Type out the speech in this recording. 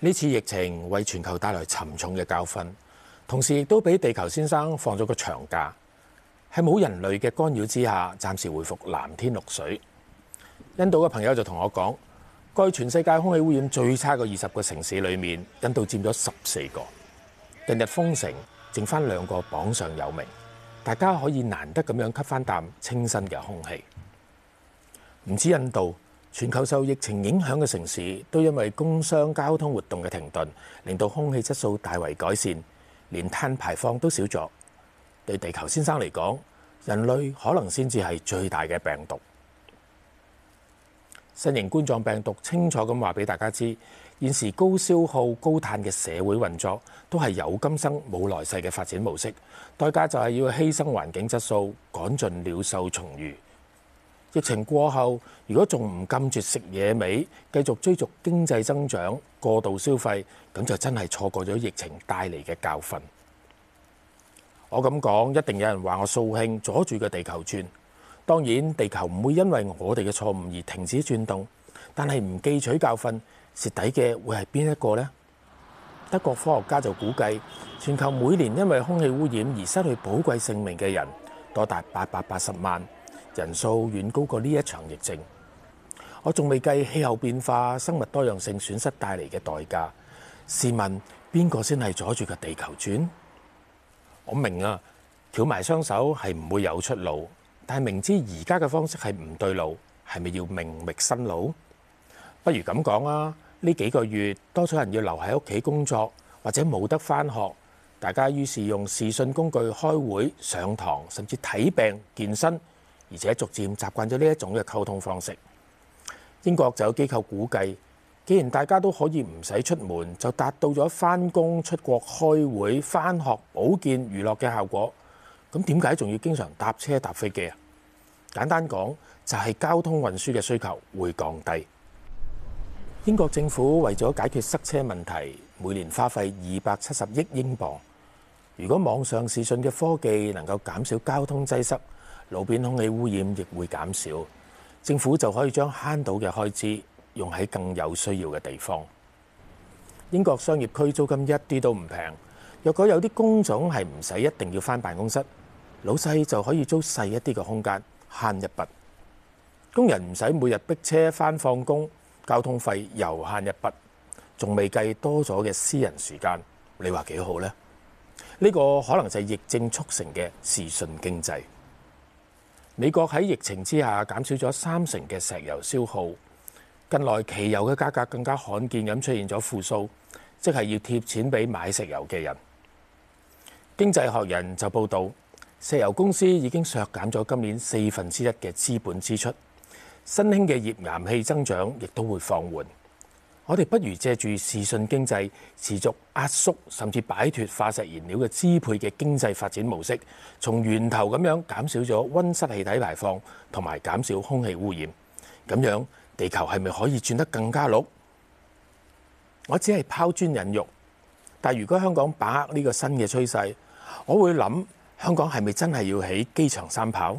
呢次疫情為全球帶來沉重嘅教訓，同時亦都俾地球先生放咗個長假，喺冇人類嘅干擾之下，暫時回復藍天綠水。印度嘅朋友就同我講，該全世界空氣污染最差嘅二十個城市裏面，印度佔咗十四個，近日封城，剩翻兩個榜上有名。大家可以難得咁樣吸翻啖清新嘅空氣。唔知印度。全球受疫情影響嘅城市，都因為工商交通活動嘅停頓，令到空氣質素大為改善，連碳排放都少咗。對地球先生嚟講，人類可能先至係最大嘅病毒。新型冠狀病毒清楚咁話俾大家知，現時高消耗、高碳嘅社會運作，都係有今生冇來世嘅發展模式，代價就係要犧牲環境質素，趕盡鳥獸蟲魚。疫情過後，如果仲唔禁住食野味，繼續追逐經濟增長、過度消費，咁就真係錯過咗疫情帶嚟嘅教訓。我咁講，一定有人話我掃興阻住個地球轉。當然，地球唔會因為我哋嘅錯誤而停止轉動，但係唔記取教訓，蝕底嘅會係邊一個呢？德國科學家就估計，全球每年因為空氣污染而失去寶貴性命嘅人多達八百八十萬。人數遠高過呢一場疫症。我仲未計氣候變化、生物多樣性損失帶嚟嘅代價。試問邊個先係阻住個地球轉？我明啊，翹埋雙手係唔會有出路。但係明知而家嘅方式係唔對路，係咪要另覓新路？不如咁講啊，呢幾個月多數人要留喺屋企工作，或者冇得返學，大家於是用視訊工具開會、上堂，甚至睇病、健身。而且逐漸習慣咗呢一種嘅溝通方式。英國就有機構估計，既然大家都可以唔使出門，就達到咗返工、出國、開會、返學、保健、娛樂嘅效果，咁點解仲要經常搭車搭飛機啊？簡單講，就係交通運輸嘅需求會降低。英國政府為咗解決塞車問題，每年花費二百七十億英鎊。如果網上視訊嘅科技能夠減少交通擠塞，路邊空氣污染亦會減少，政府就可以將慳到嘅開支用喺更有需要嘅地方。英國商業區租金一啲都唔平，若果有啲工種係唔使一定要返辦公室，老細就可以租細一啲嘅空間，慳一筆，工人唔使每日逼車返放工，交通費又慳一筆，仲未計多咗嘅私人時間。你話幾好呢？呢個可能就係疫症促成嘅時順經濟。美國喺疫情之下減少咗三成嘅石油消耗，近來汽油嘅價格更加罕見咁出現咗負數，即係要貼錢俾買石油嘅人。經濟學人就報導，石油公司已經削減咗今年四分之一嘅資本支出，新興嘅頁岩氣增長亦都會放緩。我哋不如借住視訊經濟持續壓縮甚至擺脱化石燃料嘅支配嘅經濟發展模式，從源頭咁樣減少咗溫室氣體排放同埋減少空氣污染，咁樣地球係咪可以轉得更加綠？我只係拋磚引玉，但係如果香港把握呢個新嘅趨勢，我會諗香港係咪真係要起機場三跑？